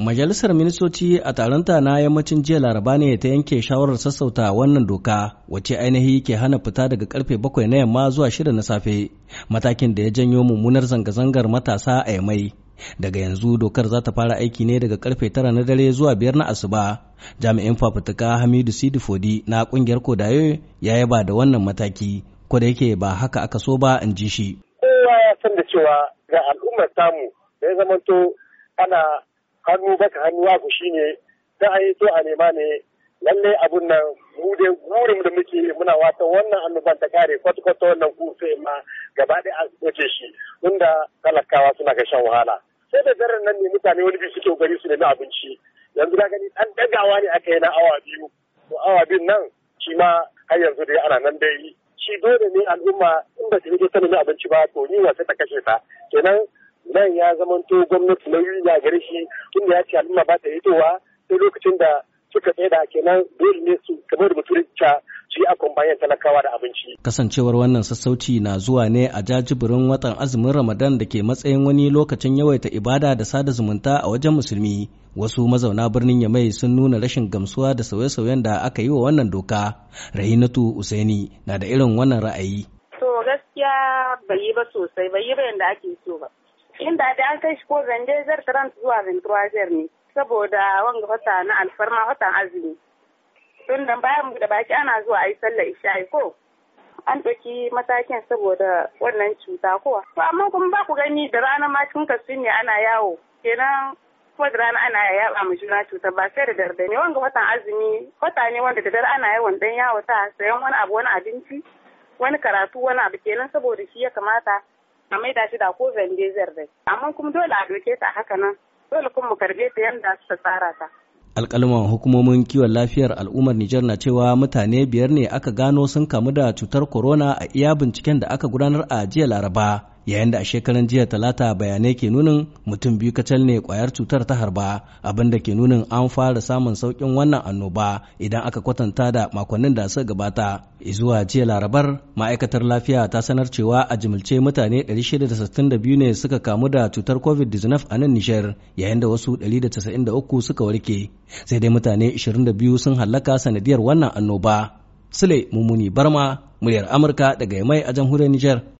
Majalisar Ministoci a taronta na yammacin jiya Laraba ne ta yanke shawarar sassauta wannan doka wacce ainihi ke hana fita daga karfe bakwai na yamma zuwa shida na safe matakin da ya janyo mummunar zanga-zangar matasa a yamai. Daga yanzu dokar za ta fara aiki ne daga karfe tara na dare zuwa biyar na asuba. Jami'in fafutuka Hamidu Sidi Fodi na kungiyar Kodayo ya yaba da wannan mataki ko da yake ba haka aka so ba in ji shi. Kowa ya san da cewa ga al'ummar samu da ya zamanto ana hannu baka hannu shi ne ta an yi so a nema ne lallai abun nan gude gurin da muke muna wata wannan annoban ta kare kwatkwata wannan kufe ma gaba ɗaya a wuce shi inda talakawa suna ga shan wahala sai da daren nan ne mutane wani biyu suke gari su nemi abinci yanzu na gani an dagawa ne aka yi na awa biyu to awa biyun nan shi ma har yanzu dai ana nan dai shi dole ne al'umma in ba su yi ta nemi abinci ba to yi sai ta kashe ta kenan nan ya zamanto gwamnati na yi gare shi inda ya ce al'umma ba ta hitowa sai lokacin da suka tsaye da kenan dole ne su kamar da mutum ta su yi akwambayan talakawa da abinci. Kasancewar wannan sassauci na zuwa ne a jajibirin watan azumin Ramadan da ke matsayin wani lokacin yawaita ibada da sada zumunta a wajen musulmi. Wasu mazauna birnin Yamai sun nuna rashin gamsuwa da sauye-sauyen da aka yi wa wannan doka. Rahinatu Usaini na da irin wannan ra'ayi. To gaskiya bai yi ba sosai, bai yi ba yadda ake so ba. inda da an kai shi ko zanje zar tran zuwa ventuwazer ne saboda wanga wata na alfarma watan azumi tun da bayan da baki ana zuwa ayi sallar isha'i ko an ɗauki matakin saboda wannan cuta ko to amma kuma ba ku gani da rana ma cikin kasu ne ana yawo kenan kuma da rana ana yaba mu juna cuta ba sai da dare ne wanga watan azumi wata ne wanda da dare ana yawan dan yawo ta sayan wani abu wani abinci wani karatu wani abu kenan saboda shi ya kamata a maida shi da ko vendezer dai amma kuma dole a doke ta haka nan dole kuma mu karbe ta yanda suka tsara ta alkalman hukumomin kiwon lafiyar al'ummar Nijar na cewa mutane biyar ne aka gano sun kamu da cutar corona a iya binciken da aka gudanar a jiya laraba yayin da a shekaran jiya talata bayanai ke nunin mutum biyu kacal ne kwayar cutar ta harba abin da ke nunin an fara samun saukin wannan annoba idan aka kwatanta da makonnin da suka gabata zuwa jiya larabar ma'aikatar lafiya ta sanar cewa a jimilce mutane 662 ne suka kamu da cutar covid-19 a nan nishar yayin da wasu 193 suka warke sai dai mutane 22 sun hallaka sanadiyar wannan annoba sule mummuni barma muryar amurka daga mai a jamhuriyar nijar